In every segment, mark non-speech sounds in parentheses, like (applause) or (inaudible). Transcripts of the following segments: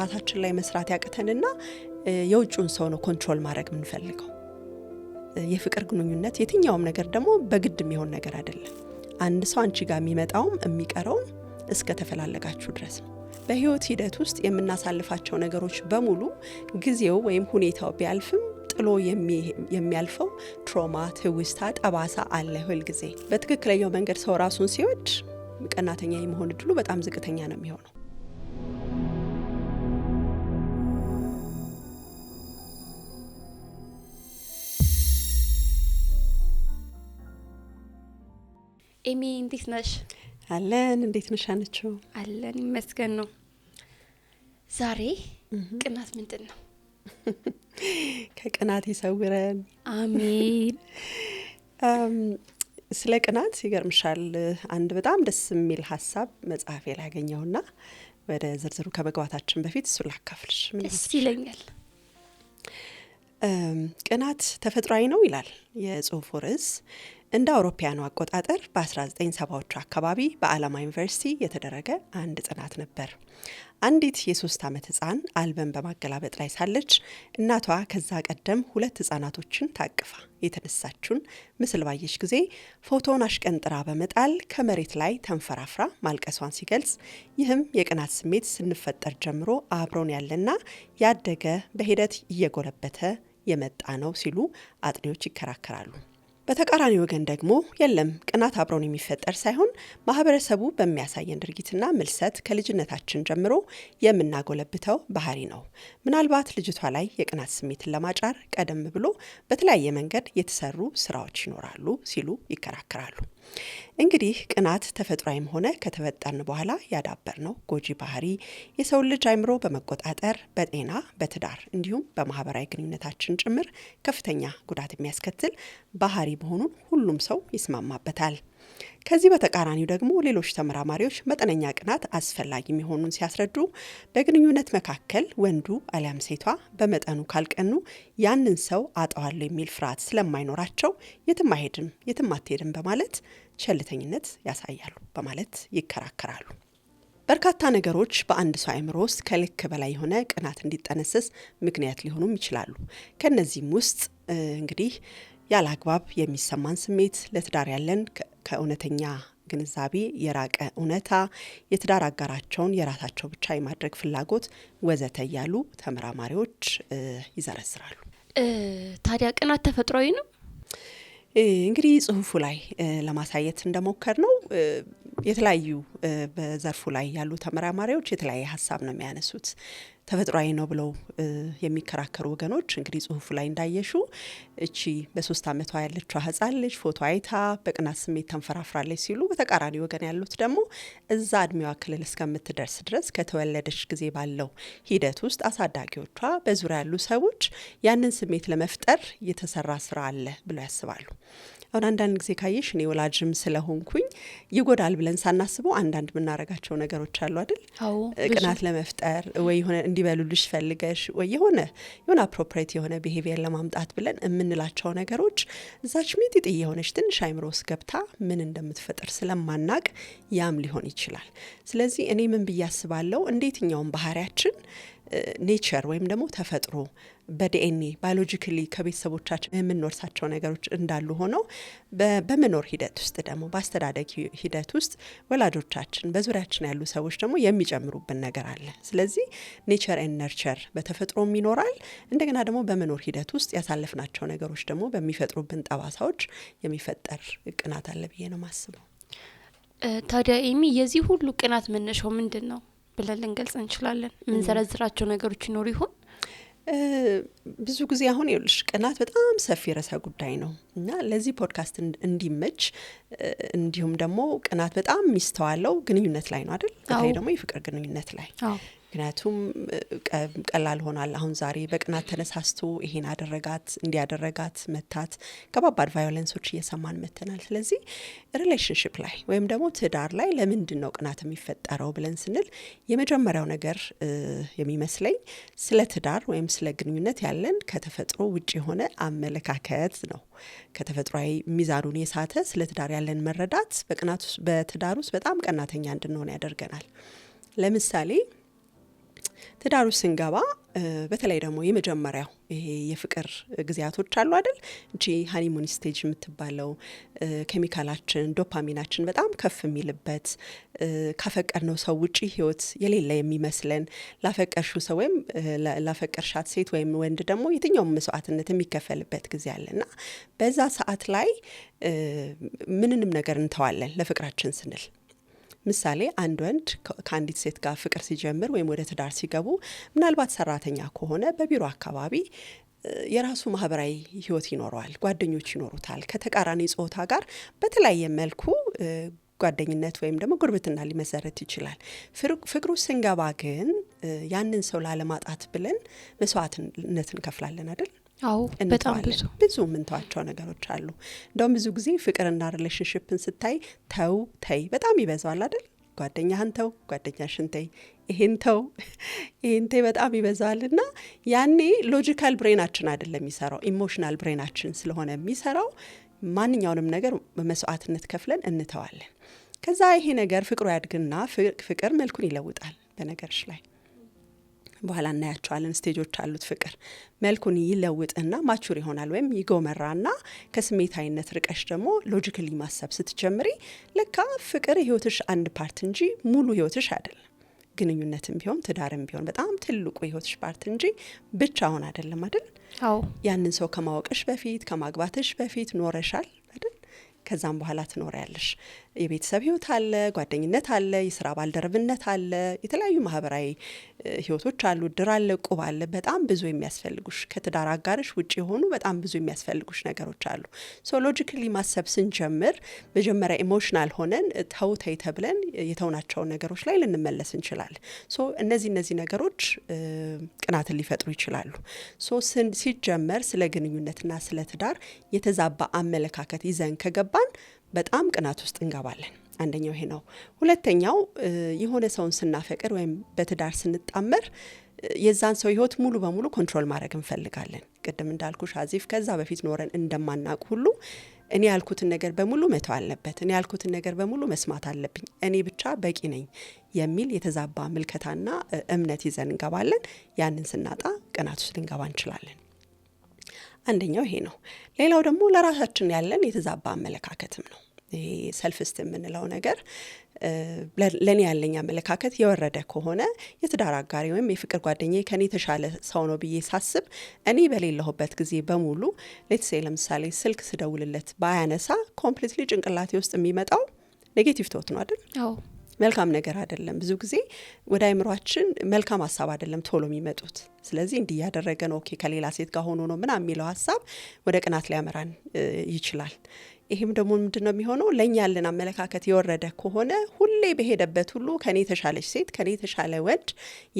ራሳችን ላይ መስራት ያቅተንና የውጭውን ሰው ነው ኮንትሮል ማድረግ የምንፈልገው። የፍቅር ግንኙነት የትኛውም ነገር ደግሞ በግድ የሚሆን ነገር አይደለም። አንድ ሰው አንቺ ጋር የሚመጣውም የሚቀረውም እስከ ተፈላለጋችሁ ድረስ ነው። በህይወት ሂደት ውስጥ የምናሳልፋቸው ነገሮች በሙሉ ጊዜው ወይም ሁኔታው ቢያልፍም ጥሎ የሚያልፈው ትሮማ፣ ትውስታ፣ ጠባሳ አለ ጊዜ በትክክለኛው መንገድ ሰው ራሱን ሲወድ ቀናተኛ የመሆን እድሉ በጣም ዝቅተኛ ነው የሚሆነው። ኤሚ እንዴት ነሽ? አለን። እንዴት ነሽ? አንችው አለን ይመስገን ነው። ዛሬ ቅናት ምንድን ነው? ከቅናት ይሰውረን። አሜን። ስለ ቅናት ይገርምሻል፣ አንድ በጣም ደስ የሚል ሀሳብ መጽሐፌ ላይ ያገኘውና ወደ ዝርዝሩ ከመግባታችን በፊት እሱ ላካፍልሽ። ደስ ይለኛል። ቅናት ተፈጥሯዊ ነው ይላል የጽሁፉ ርዕስ። እንደ አውሮፓያኑ አቆጣጠር በ1970ዎቹ አካባቢ በአላማ ዩኒቨርሲቲ የተደረገ አንድ ጥናት ነበር። አንዲት የሶስት ዓመት ህፃን አልበም በማገላበጥ ላይ ሳለች እናቷ ከዛ ቀደም ሁለት ህፃናቶችን ታቅፋ የተነሳችውን ምስል ባየች ጊዜ ፎቶውን አሽቀንጥራ በመጣል ከመሬት ላይ ተንፈራፍራ ማልቀሷን ሲገልጽ፣ ይህም የቅናት ስሜት ስንፈጠር ጀምሮ አብሮን ያለና ያደገ በሂደት እየጎለበተ የመጣ ነው ሲሉ አጥኚዎች ይከራከራሉ። በተቃራኒ ወገን ደግሞ የለም ቅናት አብሮን የሚፈጠር ሳይሆን ማህበረሰቡ በሚያሳየን ድርጊትና ምልሰት ከልጅነታችን ጀምሮ የምናጎለብተው ባህሪ ነው። ምናልባት ልጅቷ ላይ የቅናት ስሜትን ለማጫር ቀደም ብሎ በተለያየ መንገድ የተሰሩ ስራዎች ይኖራሉ ሲሉ ይከራከራሉ። እንግዲህ ቅናት ተፈጥሯዊም ሆነ ከተፈጠርን በኋላ ነው ጎጂ ባህሪ የሰው ልጅ አይምሮ በመቆጣጠር በጤና በትዳር እንዲሁም በማህበራዊ ግንኙነታችን ጭምር ከፍተኛ ጉዳት የሚያስከትል ባህሪ መሆኑን ሁሉም ሰው ይስማማበታል። ከዚህ በተቃራኒው ደግሞ ሌሎች ተመራማሪዎች መጠነኛ ቅናት አስፈላጊ መሆኑን ሲያስረዱ በግንኙነት መካከል ወንዱ አሊያም ሴቷ በመጠኑ ካልቀኑ ያንን ሰው አጠዋለሁ የሚል ፍርሃት ስለማይኖራቸው የትም አይሄድም፣ የትም አትሄድም በማለት ቸልተኝነት ያሳያሉ በማለት ይከራከራሉ። በርካታ ነገሮች በአንድ ሰው አእምሮ ውስጥ ከልክ በላይ የሆነ ቅናት እንዲጠነሰስ ምክንያት ሊሆኑም ይችላሉ። ከእነዚህም ውስጥ እንግዲህ ያለ አግባብ የሚሰማን ስሜት ለትዳር ያለን ከእውነተኛ ግንዛቤ የራቀ እውነታ፣ የትዳር አጋራቸውን የራሳቸው ብቻ የማድረግ ፍላጎት ወዘተ እያሉ ተመራማሪዎች ይዘረዝራሉ። ታዲያ ቅናት ተፈጥሯዊ ነው? እንግዲህ ጽሁፉ ላይ ለማሳየት እንደሞከር ነው የተለያዩ በዘርፉ ላይ ያሉ ተመራማሪዎች የተለያየ ሀሳብ ነው የሚያነሱት። ተፈጥሯዊ ነው ብለው የሚከራከሩ ወገኖች እንግዲህ ጽሁፉ ላይ እንዳየሹ እቺ በሶስት ዓመቷ ያለችው ህፃን ልጅ ፎቶ አይታ በቅናት ስሜት ተንፈራፍራለች ሲሉ፣ በተቃራኒ ወገን ያሉት ደግሞ እዛ እድሜዋ ክልል እስከምትደርስ ድረስ ከተወለደች ጊዜ ባለው ሂደት ውስጥ አሳዳጊዎቿ፣ በዙሪያ ያሉ ሰዎች ያንን ስሜት ለመፍጠር የተሰራ ስራ አለ ብለው ያስባሉ። አሁን አንዳንድ ጊዜ ካየሽ እኔ ወላጅም ስለሆንኩኝ ይጎዳል ብለን ሳናስበው አንዳንድ የምናረጋቸው ነገሮች አሉ አይደል? ቅናት ለመፍጠር ወይ የሆነ እንዲበሉልሽ ፈልገሽ ወይ የሆነ የሆነ አፕሮፕሬት የሆነ ቢሄቪየር ለማምጣት ብለን የምንላቸው ነገሮች እዛች ሚጢጢ የሆነች ትንሽ አይምሮ ውስጥ ገብታ ምን እንደምትፈጥር ስለማናቅ ያም ሊሆን ይችላል። ስለዚህ እኔ ምን ብዬ አስባለሁ እንደ የትኛውም ባህሪያችን ኔቸር ወይም ደግሞ ተፈጥሮ በዲኤንኤ ባዮሎጂካሊ ከቤተሰቦቻችን የምንወርሳቸው ነገሮች እንዳሉ ሆነው በመኖር ሂደት ውስጥ ደግሞ በአስተዳደግ ሂደት ውስጥ ወላጆቻችን፣ በዙሪያችን ያሉ ሰዎች ደግሞ የሚጨምሩብን ነገር አለ። ስለዚህ ኔቸር ኤንድ ነርቸር በተፈጥሮም ይኖራል። እንደገና ደግሞ በመኖር ሂደት ውስጥ ያሳለፍናቸው ነገሮች ደግሞ በሚፈጥሩብን ጠባሳዎች የሚፈጠር ቅናት አለ ብዬ ነው ማስበው። ታዲያ ኤሚ የዚህ ሁሉ ቅናት መነሻው ምንድን ነው? ብለን ልንገልጽ እንችላለን? የምንዘረዝራቸው ነገሮች ይኖሩ ይሆን? ብዙ ጊዜ አሁን ይኸውልሽ ቅናት በጣም ሰፊ ርዕሰ ጉዳይ ነው እና ለዚህ ፖድካስት እንዲመች እንዲሁም ደግሞ ቅናት በጣም የሚስተዋለው ግንኙነት ላይ ነው አይደል? በተለይ ደግሞ የፍቅር ግንኙነት ላይ ምክንያቱም ቀላል ሆኗል። አሁን ዛሬ በቅናት ተነሳስቶ ይሄን አደረጋት እንዲያደረጋት መታት፣ ከባባድ ቫዮለንሶች እየሰማን መተናል። ስለዚህ ሪሌሽንሽፕ ላይ ወይም ደግሞ ትዳር ላይ ለምንድን ነው ቅናት የሚፈጠረው ብለን ስንል የመጀመሪያው ነገር የሚመስለኝ ስለ ትዳር ወይም ስለ ግንኙነት ያለን ከተፈጥሮ ውጭ የሆነ አመለካከት ነው። ከተፈጥሯዊ ሚዛኑን የሳተ ስለ ትዳር ያለን መረዳት በቅናት በትዳር ውስጥ በጣም ቀናተኛ እንድንሆን ያደርገናል። ለምሳሌ ትዳሩ ስንገባ በተለይ ደግሞ የመጀመሪያው ይሄ የፍቅር ጊዜያቶች አሉ አይደል? እቺ ሀኒሙን ስቴጅ የምትባለው ኬሚካላችን ዶፓሚናችን በጣም ከፍ የሚልበት ነው ሰው ውጪ ህይወት የሌለ የሚመስለን ላፈቀርሹ ሰው ወይም ላፈቀርሻት ሴት ወይም ወንድ ደግሞ የትኛውም መስዋዕትነት የሚከፈልበት ጊዜ አለና በዛ ሰዓት ላይ ምንንም ነገር እንተዋለን ለፍቅራችን ስንል ምሳሌ አንድ ወንድ ከአንዲት ሴት ጋር ፍቅር ሲጀምር ወይም ወደ ትዳር ሲገቡ ምናልባት ሰራተኛ ከሆነ በቢሮ አካባቢ የራሱ ማህበራዊ ህይወት ይኖረዋል፣ ጓደኞች ይኖሩታል። ከተቃራኒ ጾታ ጋር በተለያየ መልኩ ጓደኝነት ወይም ደግሞ ጉርብትና ሊመሰረት ይችላል። ፍቅሩ ስንገባ ግን ያንን ሰው ላለማጣት ብለን መስዋዕትነት እንከፍላለን አይደል? አዎ በጣም ብዙ ብዙ የምንተዋቸው ነገሮች አሉ። እንደውም ብዙ ጊዜ ፍቅርና ሪሌሽንሽፕን ስታይ ተው ተይ በጣም ይበዛዋል አይደል? ጓደኛህን ተው፣ ጓደኛሽን ተይ፣ ይሄን ተው፣ (laughs) ይሄን ተይ በጣም ይበዛዋል። እና ያኔ ሎጂካል ብሬናችን አይደለም የሚሰራው ኢሞሽናል ብሬናችን ስለሆነ የሚሰራው ማንኛውንም ነገር በመስዋዕትነት ከፍለን እንተዋለን። ከዛ ይሄ ነገር ፍቅሩ ያድግና ፍቅር መልኩን ይለውጣል በነገሮች ላይ በኋላ እናያቸዋለን። ስቴጆች አሉት። ፍቅር መልኩን ይለውጥና ማቹር ይሆናል ወይም ይጎመራና ከስሜታዊነት ርቀሽ ደግሞ ሎጂካሊ ማሰብ ስትጀምሪ ለካ ፍቅር ህይወትሽ አንድ ፓርት እንጂ ሙሉ ህይወትሽ አይደለም። ግንኙነትም ቢሆን ትዳርም ቢሆን በጣም ትልቁ የህይወትሽ ፓርት እንጂ ብቻውን አይደለም አይደል? አዎ። ያንን ሰው ከማወቅሽ በፊት ከማግባትሽ በፊት ኖረሻል አይደል? ከዛም በኋላ ትኖሪያለሽ። የቤተሰብ ህይወት አለ፣ ጓደኝነት አለ፣ የስራ ባልደረብነት አለ፣ የተለያዩ ማህበራዊ ህይወቶች አሉ። ድር አለ፣ ቁብ አለ። በጣም ብዙ የሚያስፈልጉሽ ከትዳር አጋርሽ ውጭ የሆኑ በጣም ብዙ የሚያስፈልጉሽ ነገሮች አሉ። ሶ ማሰብ ስንጀምር መጀመሪያ ኢሞሽናል ሆነን ተው ተይ ተብለን የተውናቸውን ነገሮች ላይ ልንመለስ እንችላለን። ሶ እነዚህ እነዚህ ነገሮች ቅናትን ሊፈጥሩ ይችላሉ። ሶ ሲጀመር ስለ ግንኙነትና ስለ ትዳር የተዛባ አመለካከት ይዘን ከገባን በጣም ቅናት ውስጥ እንገባለን። አንደኛው ይሄ ነው። ሁለተኛው የሆነ ሰውን ስናፈቅር ወይም በትዳር ስንጣመር የዛን ሰው ህይወት ሙሉ በሙሉ ኮንትሮል ማድረግ እንፈልጋለን። ቅድም እንዳልኩ ሻዚፍ ከዛ በፊት ኖረን እንደማናውቅ ሁሉ እኔ ያልኩትን ነገር በሙሉ መተው አለበት፣ እኔ ያልኩትን ነገር በሙሉ መስማት አለብኝ፣ እኔ ብቻ በቂ ነኝ የሚል የተዛባ ምልከታና እምነት ይዘን እንገባለን። ያንን ስናጣ ቅናት ውስጥ ልንገባ እንችላለን። አንደኛው ይሄ ነው። ሌላው ደግሞ ለራሳችን ያለን የተዛባ አመለካከትም ነው። ይሄ የምንለው ነገር ለእኔ ያለኝ አመለካከት የወረደ ከሆነ የትዳር አጋሪ ወይም የፍቅር ጓደኛ ከኔ የተሻለ ሰው ነው ብዬ ሳስብ እኔ በሌለሁበት ጊዜ በሙሉ ሌትሴ ለምሳሌ ስልክ ስደውልለት ባያነሳ ኮምፕሊትሊ ጭንቅላቴ ውስጥ የሚመጣው ኔጌቲቭ ቶት ነው አይደል? መልካም ነገር አይደለም። ብዙ ጊዜ ወደ አይምሯችን መልካም ሀሳብ አይደለም ቶሎ የሚመጡት። ስለዚህ እንዲህ እያደረገ ነው፣ ኦኬ ከሌላ ሴት ጋር ሆኖ ነው ምናምን የሚለው ሀሳብ ወደ ቅናት ሊያመራን ይችላል። ይህም ደግሞ ምንድን ነው የሚሆነው? ለእኛ ያለን አመለካከት የወረደ ከሆነ ሁሌ በሄደበት ሁሉ ከኔ የተሻለች ሴት፣ ከኔ የተሻለ ወንድ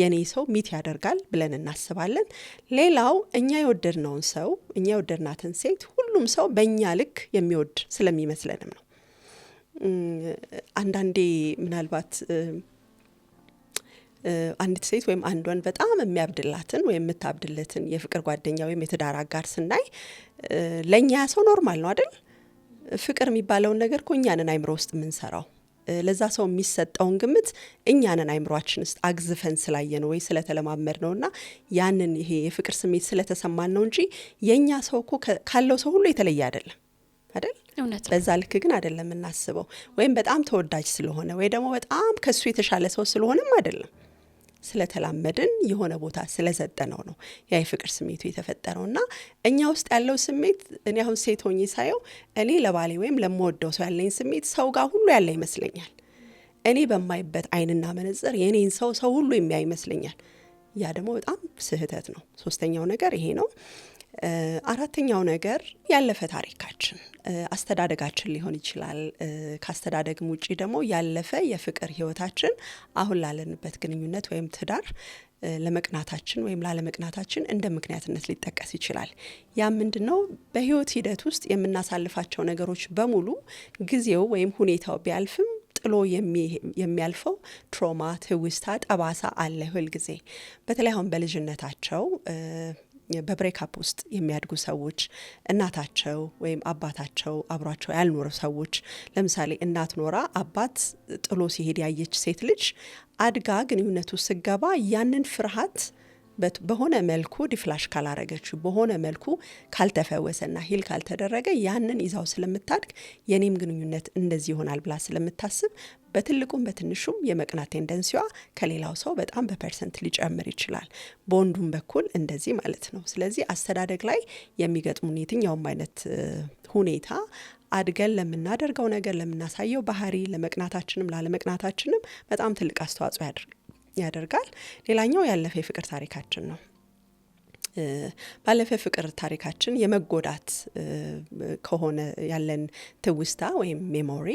የኔ ሰው ሚት ያደርጋል ብለን እናስባለን። ሌላው እኛ የወደድነውን ሰው እኛ የወደድናትን ሴት ሁሉም ሰው በእኛ ልክ የሚወድ ስለሚመስለንም ነው። አንዳንዴ ምናልባት አንዲት ሴት ወይም አንድ ወንድ በጣም የሚያብድላትን ወይም የምታብድለትን የፍቅር ጓደኛ ወይም የትዳር አጋር ስናይ ለእኛ ሰው ኖርማል ነው አይደል? ፍቅር የሚባለውን ነገር እኮ እኛንን አይምሮ ውስጥ የምንሰራው ለዛ ሰው የሚሰጠውን ግምት እኛንን አይምሯችን ውስጥ አግዝፈን ስላየ ነው ወይ ስለተለማመድ ነው እና ያንን ይሄ የፍቅር ስሜት ስለተሰማን ነው እንጂ የእኛ ሰው እኮ ካለው ሰው ሁሉ የተለየ አይደለም አይደል? በዛ ልክ ግን አይደለም የምናስበው። ወይም በጣም ተወዳጅ ስለሆነ ወይ ደግሞ በጣም ከሱ የተሻለ ሰው ስለሆነም አይደለም። ስለተላመድን የሆነ ቦታ ስለሰጠነው ነው ያ የፍቅር ስሜቱ የተፈጠረው እና እኛ ውስጥ ያለው ስሜት እኔ አሁን ሴት ሆኜ ሳየው እኔ ለባሌ ወይም ለምወደው ሰው ያለኝ ስሜት ሰው ጋር ሁሉ ያለ ይመስለኛል። እኔ በማይበት አይንና መነጽር የእኔን ሰው ሰው ሁሉ የሚያ ይመስለኛል። ያ ደግሞ በጣም ስህተት ነው። ሶስተኛው ነገር ይሄ ነው። አራተኛው ነገር ያለፈ ታሪካችን አስተዳደጋችን ሊሆን ይችላል። ከአስተዳደግም ውጪ ደግሞ ያለፈ የፍቅር ህይወታችን አሁን ላለንበት ግንኙነት ወይም ትዳር ለመቅናታችን ወይም ላለመቅናታችን እንደ ምክንያትነት ሊጠቀስ ይችላል። ያ ምንድን ነው? በህይወት ሂደት ውስጥ የምናሳልፋቸው ነገሮች በሙሉ ጊዜው ወይም ሁኔታው ቢያልፍም ጥሎ የሚያልፈው ትሮማ፣ ትውስታ፣ ጠባሳ አለ ሁልጊዜ በተለይ አሁን በልጅነታቸው በብሬካፕ ውስጥ የሚያድጉ ሰዎች እናታቸው ወይም አባታቸው አብሯቸው ያልኖረ ሰዎች ለምሳሌ እናት ኖራ አባት ጥሎ ሲሄድ ያየች ሴት ልጅ አድጋ ግንኙነቱ ስገባ ያንን ፍርሃት በሆነ መልኩ ዲፍላሽ ካላረገች በሆነ መልኩ ካልተፈወሰና ሂል ካልተደረገ ያንን ይዛው ስለምታድግ የኔም ግንኙነት እንደዚህ ይሆናል ብላ ስለምታስብ በትልቁም በትንሹም የመቅናት ቴንደንሲዋ ከሌላው ሰው በጣም በፐርሰንት ሊጨምር ይችላል። በወንዱም በኩል እንደዚህ ማለት ነው። ስለዚህ አስተዳደግ ላይ የሚገጥሙን የትኛውም አይነት ሁኔታ አድገን ለምናደርገው ነገር፣ ለምናሳየው ባህሪ፣ ለመቅናታችንም ላለመቅናታችንም በጣም ትልቅ አስተዋጽኦ ያደርጋል። ያደርጋል። ሌላኛው ያለፈ የፍቅር ታሪካችን ነው። ባለፈ ፍቅር ታሪካችን የመጎዳት ከሆነ ያለን ትውስታ ወይም ሜሞሪ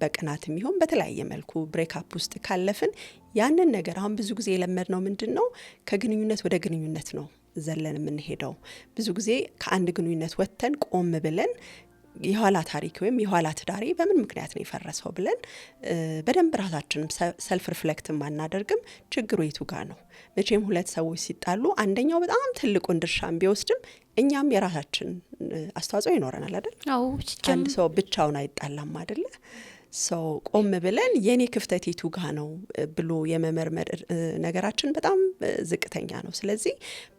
በቅናት የሚሆን በተለያየ መልኩ ብሬክአፕ ውስጥ ካለፍን ያንን ነገር አሁን ብዙ ጊዜ የለመድነው ምንድን ነው? ከግንኙነት ወደ ግንኙነት ነው ዘለን የምንሄደው። ብዙ ጊዜ ከአንድ ግንኙነት ወጥተን ቆም ብለን የኋላ ታሪክ ወይም የኋላ ትዳሬ በምን ምክንያት ነው የፈረሰው ብለን በደንብ ራሳችን ሰልፍ ሪፍሌክትም አናደርግም። ችግሩ የቱ ጋ ነው? መቼም ሁለት ሰዎች ሲጣሉ አንደኛው በጣም ትልቁን ድርሻን ቢወስድም እኛም የራሳችን አስተዋጽኦ ይኖረናል አይደል? አንድ ሰው ብቻውን አይጣላም አይደለ? ሰው ቆም ብለን የኔ ክፍተት የቱ ጋ ነው ብሎ የመመርመር ነገራችን በጣም ዝቅተኛ ነው። ስለዚህ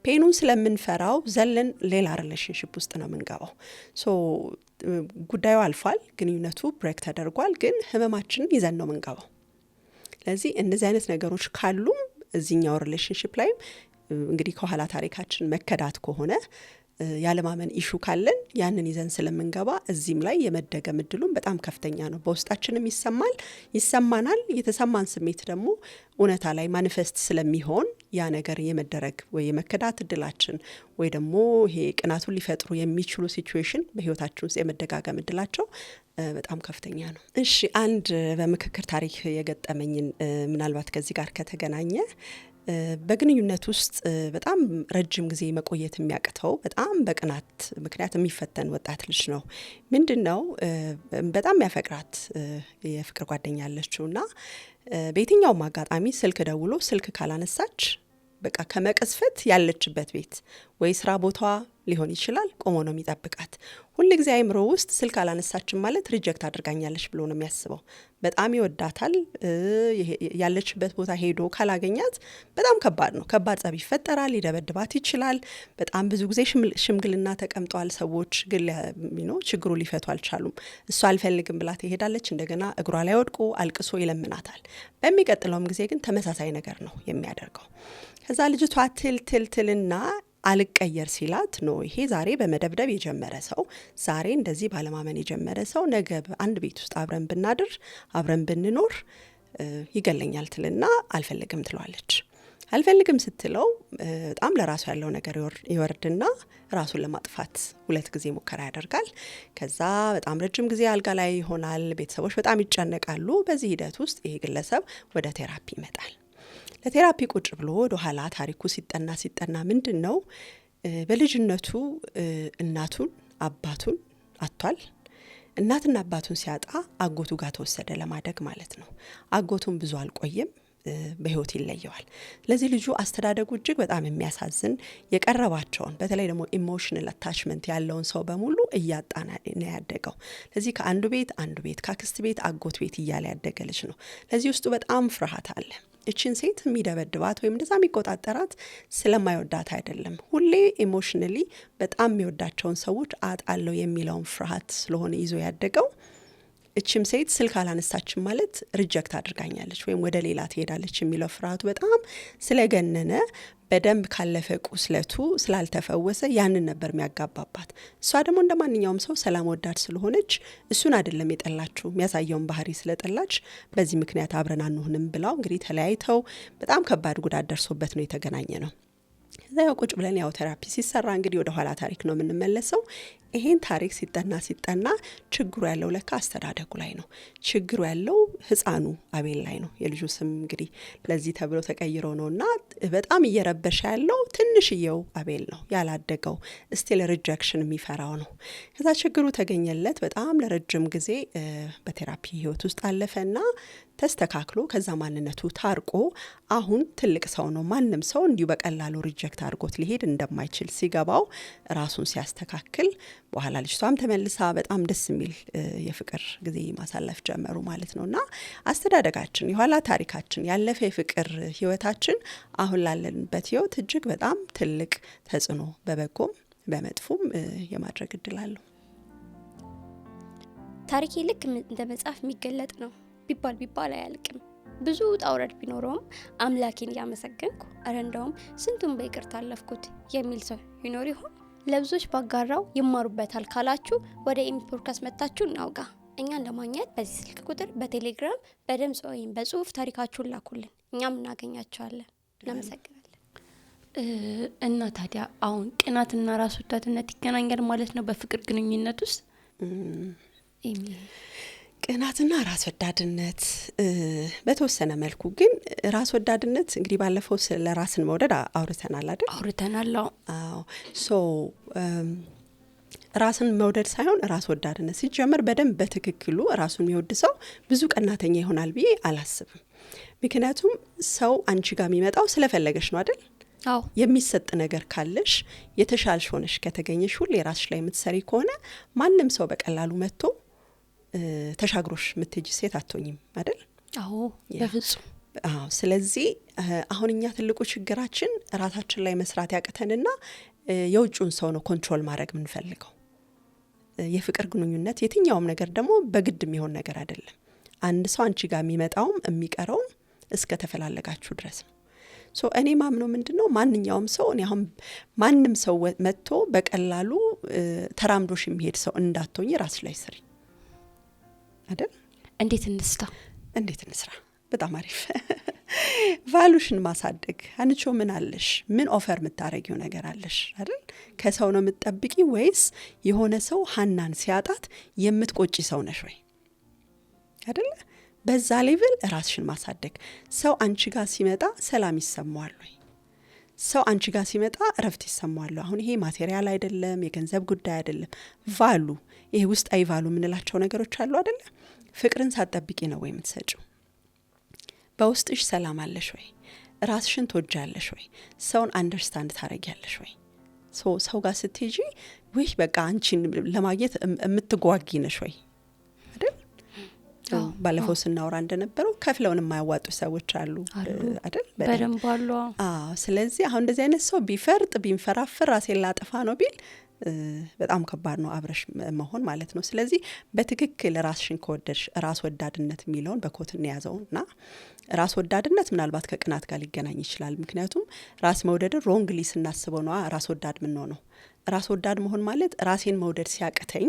ፔኑን ስለምንፈራው ዘለን ሌላ ሪሌሽንሽፕ ውስጥ ነው የምንገባው። ሶ ጉዳዩ አልፏል፣ ግንኙነቱ ብሬክ ተደርጓል፣ ግን ህመማችንን ይዘን ነው የምንገባው። ስለዚህ እነዚህ አይነት ነገሮች ካሉም እዚህኛው ሪሌሽንሽፕ ላይም እንግዲህ ከኋላ ታሪካችን መከዳት ከሆነ ያለማመን ኢሹ ካለን ያንን ይዘን ስለምንገባ እዚህም ላይ የመደገም እድሉም በጣም ከፍተኛ ነው። በውስጣችንም ይሰማል ይሰማናል። የተሰማን ስሜት ደግሞ እውነታ ላይ ማኒፌስት ስለሚሆን ያ ነገር የመደረግ ወይ የመከዳት እድላችን ወይ ደግሞ ይሄ ቅናቱን ሊፈጥሩ የሚችሉ ሲትዌሽን በህይወታችን ውስጥ የመደጋገም እድላቸው በጣም ከፍተኛ ነው። እሺ አንድ በምክክር ታሪክ የገጠመኝን ምናልባት ከዚህ ጋር ከተገናኘ በግንኙነት ውስጥ በጣም ረጅም ጊዜ መቆየት የሚያቅተው በጣም በቅናት ምክንያት የሚፈተን ወጣት ልጅ ነው። ምንድን ነው በጣም ያፈቅራት የፍቅር ጓደኛ ያለችው እና በየትኛውም አጋጣሚ ስልክ ደውሎ ስልክ ካላነሳች በቃ ከመቀስፈት ያለችበት ቤት ወይ ስራ ቦታዋ ሊሆን ይችላል። ቆሞ ነው የሚጠብቃት። ሁልጊዜ አይምሮ ውስጥ ስልክ አላነሳችን ማለት ሪጀክት አድርጋኛለች ብሎ ነው የሚያስበው። በጣም ይወዳታል። ያለችበት ቦታ ሄዶ ካላገኛት በጣም ከባድ ነው። ከባድ ጸብ ይፈጠራል። ሊደበድባት ይችላል። በጣም ብዙ ጊዜ ሽምግልና ተቀምጠዋል ሰዎች፣ ግን ችግሩ ሊፈቱ አልቻሉም። እሱ አልፈልግም ብላ ትሄዳለች። እንደገና እግሯ ላይ ወድቆ አልቅሶ ይለምናታል። በሚቀጥለውም ጊዜ ግን ተመሳሳይ ነገር ነው የሚያደርገው። ከዛ ልጅቷ ትል ትል ትልና አልቀየር ሲላት ነው። ይሄ ዛሬ በመደብደብ የጀመረ ሰው ዛሬ እንደዚህ ባለማመን የጀመረ ሰው ነገ አንድ ቤት ውስጥ አብረን ብናድር አብረን ብንኖር ይገለኛል ትልና አልፈልግም ትለዋለች። አልፈልግም ስትለው በጣም ለራሱ ያለው ነገር ይወርድና ራሱን ለማጥፋት ሁለት ጊዜ ሙከራ ያደርጋል። ከዛ በጣም ረጅም ጊዜ አልጋ ላይ ይሆናል። ቤተሰቦች በጣም ይጨነቃሉ። በዚህ ሂደት ውስጥ ይሄ ግለሰብ ወደ ቴራፒ ይመጣል። ለቴራፒ ቁጭ ብሎ ወደ ኋላ ታሪኩ ሲጠና ሲጠና ምንድን ነው በልጅነቱ እናቱን አባቱን አቷል። እናትና አባቱን ሲያጣ አጎቱ ጋር ተወሰደ ለማደግ ማለት ነው። አጎቱን ብዙ አልቆየም በህይወት ይለየዋል። ስለዚህ ልጁ አስተዳደጉ እጅግ በጣም የሚያሳዝን የቀረባቸውን በተለይ ደግሞ ኢሞሽናል አታችመንት ያለውን ሰው በሙሉ እያጣ ነው ያደገው። ስለዚህ ከአንዱ ቤት አንዱ ቤት፣ ከአክስት ቤት አጎት ቤት እያለ ያደገ ልጅ ነው። ለዚህ ውስጡ በጣም ፍርሃት አለ። እችን ሴት የሚደበድባት ወይም እንደዛ የሚቆጣጠራት ስለማይወዳት አይደለም። ሁሌ ኢሞሽነሊ በጣም የሚወዳቸውን ሰዎች አጣለው የሚለውን ፍርሃት ስለሆነ ይዞ ያደገው እችም ሴት ስልክ አላነሳችም ማለት ሪጀክት አድርጋኛለች ወይም ወደ ሌላ ትሄዳለች የሚለው ፍርሃቱ በጣም ስለገነነ በደንብ ካለፈ ቁስለቱ ስላልተፈወሰ ያንን ነበር የሚያጋባባት። እሷ ደግሞ እንደ ማንኛውም ሰው ሰላም ወዳድ ስለሆነች እሱን አይደለም የጠላችው፣ የሚያሳየውን ባህሪ ስለጠላች በዚህ ምክንያት አብረን አንሆንም ብላው እንግዲህ ተለያይተው በጣም ከባድ ጉዳት ደርሶበት ነው የተገናኘ ነው። ከዛ ያው ቁጭ ብለን ያው ቴራፒ ሲሰራ እንግዲህ ወደ ኋላ ታሪክ ነው የምንመለሰው። ይሄን ታሪክ ሲጠና ሲጠና ችግሩ ያለው ለካ አስተዳደጉ ላይ ነው። ችግሩ ያለው ህፃኑ አቤል ላይ ነው። የልጁ ስም እንግዲህ ለዚህ ተብሎ ተቀይሮ ነው እና በጣም እየረበሸ ያለው ትንሽየው አቤል ነው ያላደገው፣ ስቲል ሪጀክሽን የሚፈራው ነው። ከዛ ችግሩ ተገኘለት። በጣም ለረጅም ጊዜ በቴራፒ ህይወት ውስጥ አለፈ ተስተካክሎ ከዛ ማንነቱ ታርቆ አሁን ትልቅ ሰው ነው። ማንም ሰው እንዲሁ በቀላሉ ሪጀክት አድርጎት ሊሄድ እንደማይችል ሲገባው ራሱን ሲያስተካክል በኋላ ልጅቷም ተመልሳ በጣም ደስ የሚል የፍቅር ጊዜ ማሳለፍ ጀመሩ ማለት ነው። እና አስተዳደጋችን፣ የኋላ ታሪካችን፣ ያለፈ የፍቅር ህይወታችን አሁን ላለንበት ህይወት እጅግ በጣም ትልቅ ተጽዕኖ በበጎም በመጥፎም የማድረግ እድል አለው። ታሪኬ ልክ እንደ መጽሐፍ የሚገለጥ ነው ቢባል ቢባል አያልቅም። ብዙ ውጣ ውረድ ቢኖረውም አምላኬን እያመሰገንኩ እረ እንደውም ስንቱን በይቅርታ አለፍኩት የሚል ሰው ይኖር ይሆን? ለብዙዎች ባጋራው ይማሩበታል ካላችሁ ወደ ኤሚ ፖድካስት መጥታችሁ እናውጋ። እኛን ለማግኘት በዚህ ስልክ ቁጥር በቴሌግራም በድምፅ ወይም በጽሁፍ ታሪካችሁን ላኩልን፣ እኛም እናገኛቸዋለን። እናመሰግናለን። እና ታዲያ አሁን ቅናትና ራስ ወዳድነት ይገናኛል ማለት ነው በፍቅር ግንኙነት ውስጥ ቅናትና ራስ ወዳድነት በተወሰነ መልኩ ግን ራስ ወዳድነት እንግዲህ ባለፈው ስለ ራስን መውደድ አውርተናል አይደል? አውርተናለው። ሶ ራስን መውደድ ሳይሆን ራስ ወዳድነት ሲጀመር በደንብ በትክክሉ ራሱን የሚወድ ሰው ብዙ ቀናተኛ ይሆናል ብዬ አላስብም። ምክንያቱም ሰው አንቺ ጋር የሚመጣው ስለፈለገች ነው አይደል? አዎ። የሚሰጥ ነገር ካለሽ የተሻልሽ ሆነሽ ከተገኘሽ ሁሌ ራስሽ ላይ የምትሰሪ ከሆነ ማንም ሰው በቀላሉ መጥቶ ተሻግሮሽ የምትጅ ሴት አትሆኝም አይደል? አዎ በፍጹም። አዎ። ስለዚህ አሁን እኛ ትልቁ ችግራችን ራሳችን ላይ መስራት ያቅተንና የውጭውን ሰው ነው ኮንትሮል ማድረግ የምንፈልገው። የፍቅር ግንኙነት የትኛውም ነገር ደግሞ በግድ የሚሆን ነገር አይደለም። አንድ ሰው አንቺ ጋር የሚመጣውም የሚቀረውም እስከ ተፈላለጋችሁ ድረስ ነው። ሶ እኔ ማምነው ምንድን ነው ማንኛውም ሰው እኔ አሁን ማንም ሰው መጥቶ በቀላሉ ተራምዶሽ የሚሄድ ሰው እንዳትሆኝ ራስሽ ላይ ስሪ። አይደል? እንዴት እንስታ እንዴት እንስራ። በጣም አሪፍ (laughs) ቫሉሽን ማሳደግ። አንቾ ምን አለሽ? ምን ኦፈር የምታረጊው ነገር አለሽ አይደል? ከሰው ነው የምትጠብቂ ወይስ የሆነ ሰው ሀናን ሲያጣት የምትቆጪ ሰው ነሽ ወይ? አይደለ? በዛ ሌቭል ራስሽን ማሳደግ። ሰው አንቺ ጋር ሲመጣ ሰላም ይሰማዋል ወይ? ሰው አንቺ ጋር ሲመጣ እረፍት ይሰማዋል? አሁን ይሄ ማቴሪያል አይደለም፣ የገንዘብ ጉዳይ አይደለም። ቫሉ ይሄ ውስጥ አይቫሉ የምንላቸው ነገሮች አሉ አደለ? ፍቅርን ሳጠብቂ ነው ወይ የምትሰጭው? በውስጥሽ ሰላም አለሽ ወይ? ራስሽን ትወጃለሽ ወይ? ሰውን አንደርስታንድ ታደረጊያለሽ ወይ? ሰው ጋር ስትሄጂ ውይ በቃ አንቺን ለማግኘት የምትጓጊ ነሽ ወይ? ባለፈው ስናወራ እንደነበረው ከፍለውን የማያዋጡ ሰዎች አሉ አይደል? በደንብ አሉ። ስለዚህ አሁን እንደዚህ አይነት ሰው ቢፈርጥ ቢንፈራፍር ራሴን ላጠፋ ነው ቢል በጣም ከባድ ነው አብረሽ መሆን ማለት ነው። ስለዚህ በትክክል ራስሽን ከወደድሽ ራስ ወዳድነት የሚለውን በኮት እንያዘው እና ራስ ወዳድነት ምናልባት ከቅናት ጋር ሊገናኝ ይችላል። ምክንያቱም ራስ መውደድን ሮንግሊ ስናስበው ነዋ ራስ ወዳድ ነው። ራስ ወዳድ መሆን ማለት ራሴን መውደድ ሲያቅተኝ፣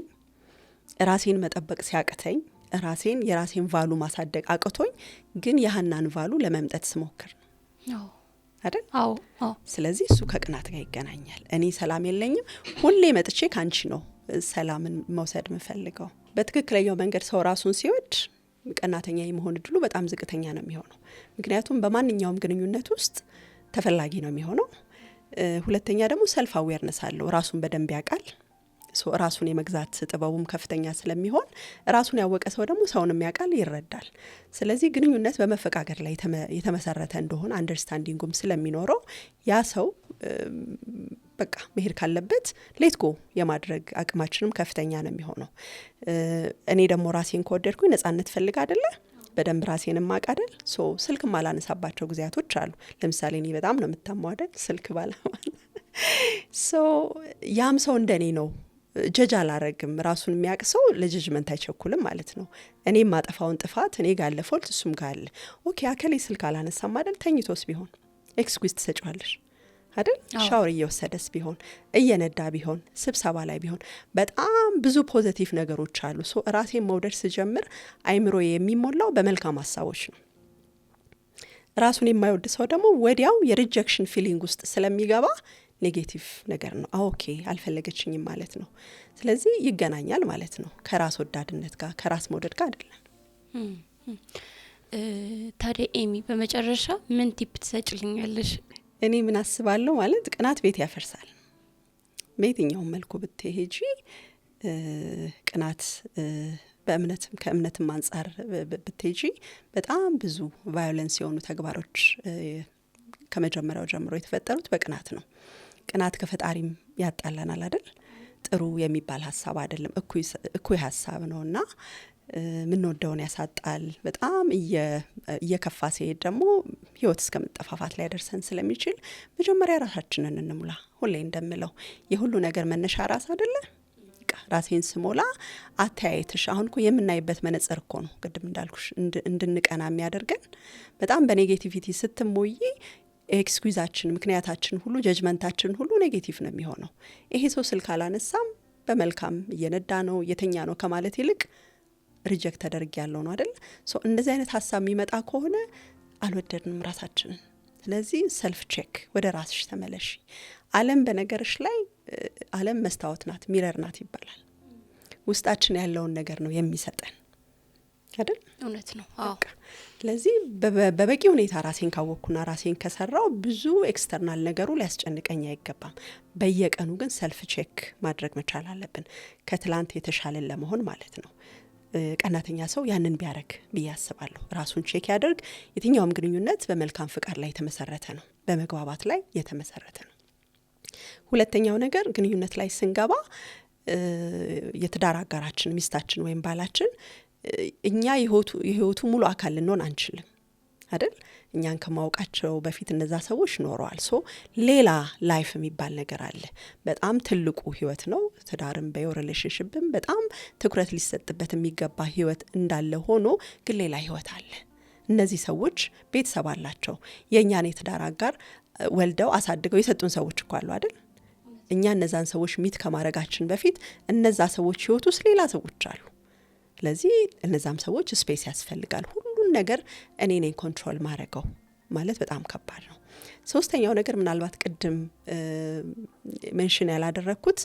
ራሴን መጠበቅ ሲያቅተኝ ራሴን የራሴን ቫሉ ማሳደግ አቅቶኝ ግን የሀናን ቫሉ ለመምጠት ስሞክር ነው። አይደል? አዎ። ስለዚህ እሱ ከቅናት ጋር ይገናኛል። እኔ ሰላም የለኝም፣ ሁሌ መጥቼ ከአንቺ ነው ሰላምን መውሰድ የምፈልገው። በትክክለኛው መንገድ ሰው ራሱን ሲወድ ቀናተኛ የመሆን እድሉ በጣም ዝቅተኛ ነው የሚሆነው። ምክንያቱም በማንኛውም ግንኙነት ውስጥ ተፈላጊ ነው የሚሆነው። ሁለተኛ ደግሞ ሰልፍ አዌርነስ አለው፣ ራሱን በደንብ ያውቃል። ራሱን የመግዛት ጥበቡም ከፍተኛ ስለሚሆን ራሱን ያወቀ ሰው ደግሞ ሰውንም ያውቃል፣ ይረዳል። ስለዚህ ግንኙነት በመፈቃቀር ላይ የተመሰረተ እንደሆነ አንደርስታንዲንጉም ስለሚኖረው ያ ሰው በቃ መሄድ ካለበት ሌትጎ የማድረግ አቅማችንም ከፍተኛ ነው የሚሆነው። እኔ ደግሞ ራሴን ከወደድኩኝ ነጻነት ፈልግ አደለ በደንብ ራሴን ማቃደል ሶ ስልክ ማላነሳባቸው ጊዜያቶች አሉ። ለምሳሌ እኔ በጣም ነው የምታሟደል ስልክ ባለማል ሶ ያም ሰው እንደኔ ነው ጀጅ አላረግም። ራሱን የሚያቅ ሰው ለጀጅመንት አይቸኩልም ማለት ነው። እኔ የማጠፋውን ጥፋት እኔ ጋለ ፎልት እሱም ጋለ ኦኬ አከሌ ስልክ አላነሳም ማደል ተኝቶስ ቢሆን ኤክስኩዝ ትሰጫዋለሽ አይደል? ሻወር እየወሰደስ ቢሆን እየነዳ ቢሆን ስብሰባ ላይ ቢሆን በጣም ብዙ ፖዘቲቭ ነገሮች አሉ። ሶ ራሴን መውደድ ስጀምር አይምሮ የሚሞላው በመልካም ሀሳቦች ነው። ራሱን የማይወድ ሰው ደግሞ ወዲያው የሪጀክሽን ፊሊንግ ውስጥ ስለሚገባ ኔጌቲቭ ነገር ነው። ኦኬ አልፈለገችኝም ማለት ነው። ስለዚህ ይገናኛል ማለት ነው ከራስ ወዳድነት ጋር ከራስ መውደድ ጋር አይደለም። ታዲያ ኤሚ በመጨረሻ ምን ቲፕ ትሰጭልኛለሽ? እኔ ምን አስባለሁ ማለት ቅናት ቤት ያፈርሳል። በየትኛውም መልኩ ብትሄጂ ቅናት በእምነትም ከእምነትም አንጻር ብትሄጂ በጣም ብዙ ቫዮለንስ የሆኑ ተግባሮች ከመጀመሪያው ጀምሮ የተፈጠሩት በቅናት ነው። ቅናት ከፈጣሪም ያጣለናል አይደል? ጥሩ የሚባል ሀሳብ አይደለም፣ እኩይ ሀሳብ ነው እና የምንወደውን ያሳጣል። በጣም እየከፋ ሲሄድ ደግሞ ህይወት እስከ መጠፋፋት ላይ ደርሰን ስለሚችል መጀመሪያ ራሳችንን እንሙላ። ሁሌ እንደምለው የሁሉ ነገር መነሻ ራስ አይደለ? ራሴን ስሞላ አተያየትሽ አሁን እኮ የምናይበት መነጽር እኮ ነው። ቅድም እንዳልኩሽ እንድንቀና የሚያደርገን በጣም በኔጌቲቪቲ ስትሞይ ኤክስኩዛችን ምክንያታችን ሁሉ ጀጅመንታችን ሁሉ ኔጌቲቭ ነው የሚሆነው። ይሄ ሰው ስልክ አላነሳም በመልካም እየነዳ ነው እየተኛ ነው ከማለት ይልቅ ሪጀክት ተደርግ ያለው ነው አደለ? እንደዚህ አይነት ሀሳብ የሚመጣ ከሆነ አልወደድንም ራሳችንን። ስለዚህ ሰልፍ ቼክ፣ ወደ ራስሽ ተመለሽ ዓለም በነገርሽ ላይ ዓለም መስታወት ናት፣ ሚረር ናት ይባላል። ውስጣችን ያለውን ነገር ነው የሚሰጠን አይደል? እውነት ነው። ስለዚህ በበቂ ሁኔታ ራሴን ካወቅኩና ራሴን ከሰራው ብዙ ኤክስተርናል ነገሩ ሊያስጨንቀኝ አይገባም። በየቀኑ ግን ሰልፍ ቼክ ማድረግ መቻል አለብን፣ ከትላንት የተሻለን ለመሆን ማለት ነው። ቀናተኛ ሰው ያንን ቢያደርግ ብዬ አስባለሁ። ራሱን ቼክ ያደርግ። የትኛውም ግንኙነት በመልካም ፍቃድ ላይ የተመሰረተ ነው፣ በመግባባት ላይ የተመሰረተ ነው። ሁለተኛው ነገር ግንኙነት ላይ ስንገባ የትዳር አጋራችን ሚስታችን ወይም ባላችን እኛ የህይወቱ ሙሉ አካል ልንሆን አንችልም አይደል? እኛን ከማወቃቸው በፊት እነዛ ሰዎች ኖረዋል። ሶ ሌላ ላይፍ የሚባል ነገር አለ። በጣም ትልቁ ህይወት ነው። ትዳርም በየው በጣም ትኩረት ሊሰጥበት የሚገባ ህይወት እንዳለ ሆኖ ግን ሌላ ህይወት አለ። እነዚህ ሰዎች ቤተሰብ አላቸው። የእኛን የትዳር አጋር ወልደው አሳድገው የሰጡን ሰዎች እኮ አሉ አይደል? እኛ እነዛን ሰዎች ሚት ከማድረጋችን በፊት እነዛ ሰዎች ህይወት ውስጥ ሌላ ሰዎች አሉ። ስለዚህ እነዛም ሰዎች ስፔስ ያስፈልጋል። ሁሉን ነገር እኔ ነኝ ኮንትሮል ማድረገው ማለት በጣም ከባድ ነው። ሶስተኛው ነገር ምናልባት ቅድም መንሽን ያላደረግኩት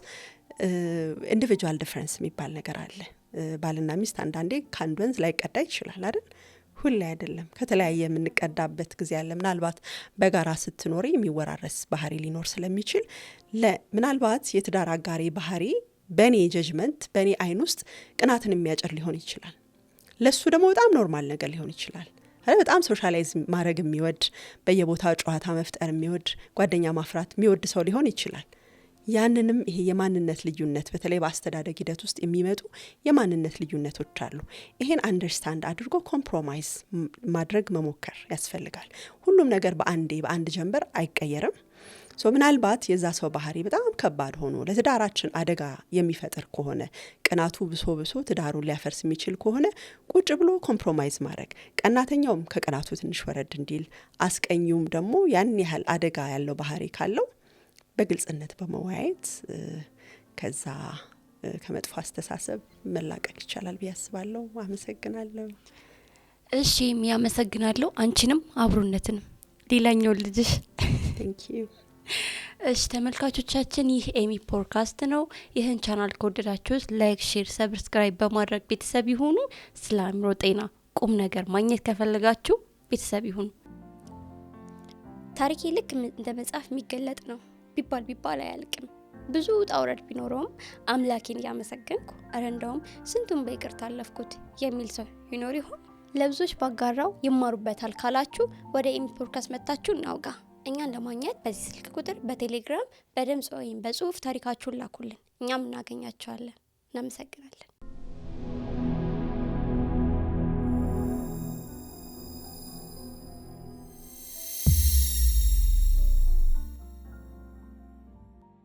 ኢንዲቪጁዋል ዲፍረንስ የሚባል ነገር አለ። ባልና ሚስት አንዳንዴ ከአንድ ወንዝ ላይቀዳ ይችላል አይደል? ሁሌ አይደለም። ከተለያየ የምንቀዳበት ጊዜ አለ። ምናልባት በጋራ ስትኖሪ የሚወራረስ ባህሪ ሊኖር ስለሚችል ምናልባት የትዳር አጋሪ ባህሪ በእኔ ጀጅመንት በእኔ አይን ውስጥ ቅናትን የሚያጭር ሊሆን ይችላል። ለሱ ደግሞ በጣም ኖርማል ነገር ሊሆን ይችላል። በጣም ሶሻላይዝ ማድረግ የሚወድ በየቦታው ጨዋታ መፍጠር የሚወድ ጓደኛ ማፍራት የሚወድ ሰው ሊሆን ይችላል። ያንንም ይሄ የማንነት ልዩነት በተለይ በአስተዳደግ ሂደት ውስጥ የሚመጡ የማንነት ልዩነቶች አሉ። ይሄን አንደርስታንድ አድርጎ ኮምፕሮማይዝ ማድረግ መሞከር ያስፈልጋል። ሁሉም ነገር በአንዴ በአንድ ጀንበር አይቀየርም። ምናልባት የዛ ሰው ባህሪ በጣም ከባድ ሆኖ ለትዳራችን አደጋ የሚፈጥር ከሆነ ቅናቱ ብሶ ብሶ ትዳሩን ሊያፈርስ የሚችል ከሆነ ቁጭ ብሎ ኮምፕሮማይዝ ማድረግ፣ ቀናተኛውም ከቅናቱ ትንሽ ወረድ እንዲል፣ አስቀኙም ደግሞ ያን ያህል አደጋ ያለው ባህሪ ካለው በግልጽነት በመወያየት ከዛ ከመጥፎ አስተሳሰብ መላቀቅ ይቻላል ብዬ አስባለሁ። አመሰግናለሁ። እሺ፣ ያመሰግናለሁ አንቺንም አብሮነትንም ሌላኛው ልጅሽ እሺ ተመልካቾቻችን ይህ ኤሚ ፖድካስት ነው። ይህን ቻናል ከወደዳችሁት ላይክ፣ ሼር፣ ሰብስክራይብ በማድረግ ቤተሰብ ይሁኑ። ስለ አእምሮ ጤና ቁም ነገር ማግኘት ከፈለጋችሁ ቤተሰብ ይሁኑ። ታሪኬ ልክ እንደ መጽሐፍ የሚገለጥ ነው ቢባል ቢባል አያልቅም። ብዙ ውጣ ውረድ ቢኖረውም አምላኬን እያመሰገንኩ እረ እንደውም ስንቱን በይቅርታ አለፍኩት የሚል ሰው ይኖር ይሆን? ለብዙዎች ባጋራው ይማሩበታል ካላችሁ ወደ ኤሚ ፖድካስት መጥታችሁ እናውጋ። እኛን ለማግኘት በዚህ ስልክ ቁጥር በቴሌግራም በድምፅ ወይም በጽሁፍ ታሪካችሁን ላኩልን። እኛም እናገኛቸዋለን። እናመሰግናለን።